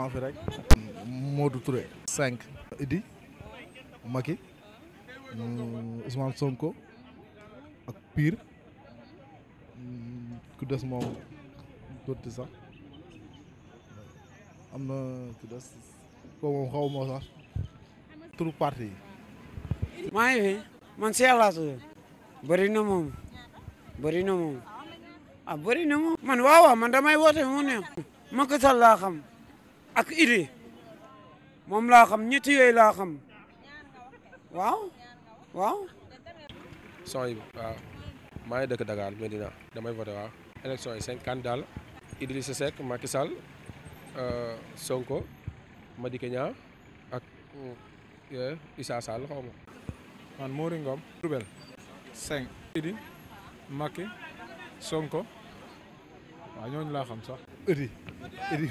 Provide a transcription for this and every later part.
ma fi rek. Modou Touré. cinq. Idi Macky mm, Ousmane Sonko ak Pire mm, ku des moom tuuti sax am na ku des koo moom xaw moo sax turu parti yi. maa fi man si yàlla tudd. moom bëri moom ah bëri moom. man waaw man damay woote mu ne. Macky Sall laa xam. ak idi mom la xam ñet yoy la xam waaw waaw son yi waaw maa ngi dëkk Medina damay voter wa election yi cinq candidat la Idrissa Seck Macky Sall euh, Sonko Madické Niang ak euh, Issa Sall xaw ma man Mori Ngom Diourbel 5 Idi Macky Sonko waaw ñooñu la xam sax Idi Idi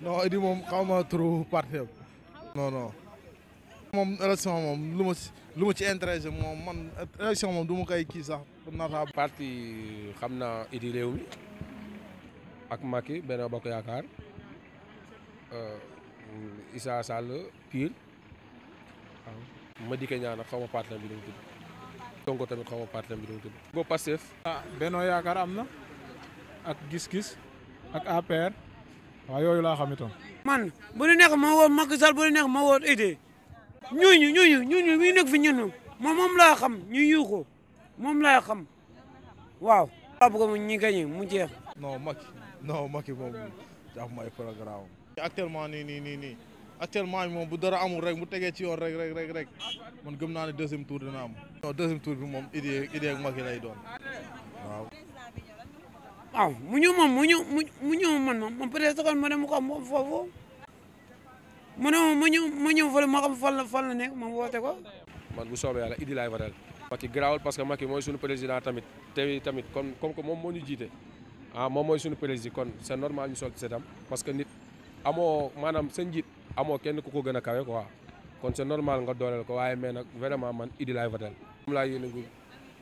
non Idi moom xaw ma turu parti non non moom élection moom luma ma si lu ma ci intéressé moom man élection moom du ma koy sax nataa parti xam naa Idi réew mi ak Macky benn bokk yaakaar eh, Issa Sall Pire waaw ma dikkee ñaan xaw ma parti bi dama tudd Sonko tamit xaw ma parti bi dama tudd go Pastef ah Benno Yaakaar am ak gis-gis ak APR waa yooyu laa xam itam. man bu ñu nekk ma woo Macky Sall bu ñu nekk ma woo Idé ñooñu ñooñu ñooñu ñu nekk fi ñun moom moom laa xam ñu yu ko moom laa xam waaw. waaw bëgg mu ñi gañe mu jeex. non Macky non Macky moom jàpp may programme actuellement nii nii nii nii actuellement moom bu dara amul rek mu tegee ci yoon rek rek rek rek man gëm naa ne deuxième tour dina am. non deuxième tour bi moom Idé Idé ak Macky lay doon. waaw mu ñëw moom mu ñëw mu ñëw man moom peut-être kon ma dem ko am mu ne ma ñëw ma ñëw fële ma la fan nekk ma woote ko. man bu soobee yàlla Idi laay faral. Macky garaawul parce que Macky mooy suñu président tamit te tamit kon ko que moom moo ñu jiite ah moom mooy suñu président kon c'est normal ñu sol setam parce que nit amoo maanaam sa njiit amoo kenn ku ko gën a kawe quoi kon c'est normal nga dooleel ko waaye mais nag vraiment man Idi laay faral. moom laa yéene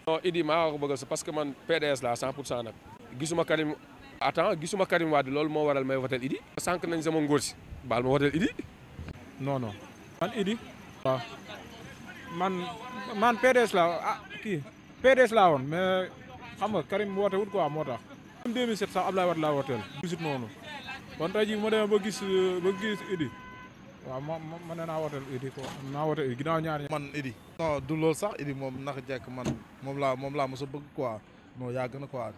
non Idi maa ko bëgg parce que man PDS pour 100 nag. gisuma Karim atan gisuma Karim wad lol mo waral may woteel Idi. sank nañ sama ngóor si baal ma woteel Idi. non non man Idi. wa man man PDS la ah, ki PDS la won mais xam nga Karim wote wut quoi motax tax. même 2007 sax Abdoulaye Wade laa wooteel. gisut noonu kon tay ji mo dem ba gis ba gis Idi. wa man na ne Idi ko na wote Idi ginnaaw ñaari man Idi non du lol sax Idi mom naka jek man mom la mom la mos a bëgg quoi non ya gëna quoi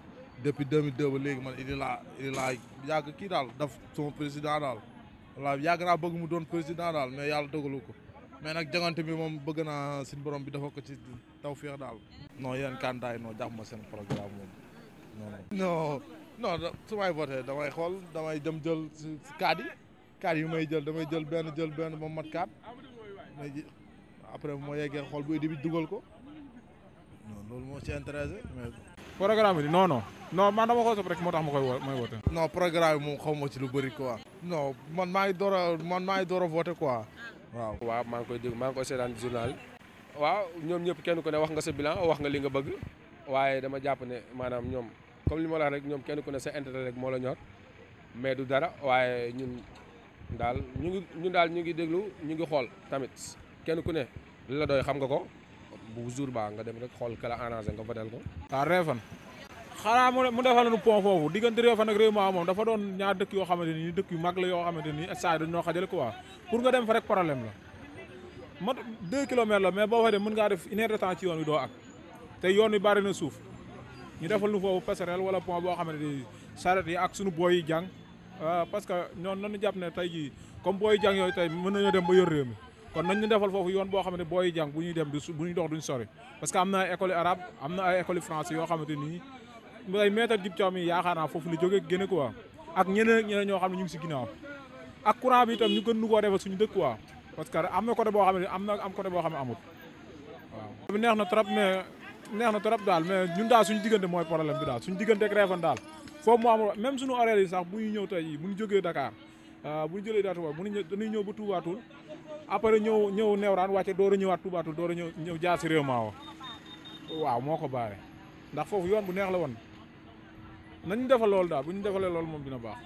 depuis 2002 ba léegi man idi laa idi laa yàgg kii daal daf sama président daal wallaahi yàgg naa bëgg mu doon président daal mais yàlla dogalu ko mais nag jangante bi moom bëgg naa suñu borom bi dafa ko ci tawféex daal. non yéen candidat noo non jàpp ma seen programme moom non non. non su may voté damay xool damay dem jël si kaat yi kaat yi may jël damay jël benn jël benn ba mat kaat mais après moo yeggee xool bu idi bi dugal ko non loolu moo ci intéressé programme bi non non non a dama ko sopp rek moo tax ma koy wo may woote. non programme bi moom xaw ma ci lu bari quoi. non man maa ngi door a man maa ngi door a voté waaw. waaw maa ngi koy dégg maa ngi koy seetaan journal. waaw ñoom ñëpp kenn ku ne wax nga sa bilan wax nga li nga bëgg waaye dama jàpp ne maanaam ñoom comme li ma la rek ñoom kenn ku ne sa intérêt rek moo la ñor mais du dara waaye ñun daal ñu ngi ñun daal ñu ngi déglu ñu ngi xool tamit kenn ku ne li la doy xam nga ko. bu jour ba nga dem rek xool kala arrangé nga votel ko waa Réfane xanaa mu defal nu pont foofu diggante Réfane ak Réewma moom dafa doon ñaar dëkk yoo xamante ni dëkk yu mag la yoo xamante ni stade dañ ñoo xajale quoi pour nga dem fa rek problème la mat 2 mais boo fa mën ngaa def une heure de temps ci yoon ak te yoon wi bari na suuf ñu defal nu foofu wala pont boo xamante ni charrette yi ak suñu booy yi jàng ah, parce que ñoon nanu jàpp ne tey jii comme booy jàng yooyu tey mën nañoo dem ba yor réew mi kon nañ ñu defal foofu yoon boo xam ne booy jàng bu ñuy dem du sori parce que am na ay école arabe am na ay école français yoo xamante ni ay maître Djib Thiaw mi yaakaar naa foofu la jógee gën a quoi ak ñeneen ñeneen ñoo xam ne ñu ngi si ginnaaw ak courant bi tam ñu gën nu koo defal suñu dëkk quoi parce que am na côté boo xam ne am na am côté boo xam ne amul waaw. neex na trop mais neex na trop daal mais ñun daal suñu diggante mooy problème bi daal suñu diggante ak Réfane daal foofu mu am même suñu yi sax bu ñu ñëw tey bu ñu jógee Ah, bu ñu jëlee daa Touba bu ñu dañuy ñëw ba Touba Toul après ñëw ñëw Néewraan wàcce door a ñëwaat Touba Toul door a ñëw ñëw jaar si réew maa waaw moo ko baare ndax foofu yoon bu neex la woon nañ defal loolu daal bu ñu defalee lool moom dina baax.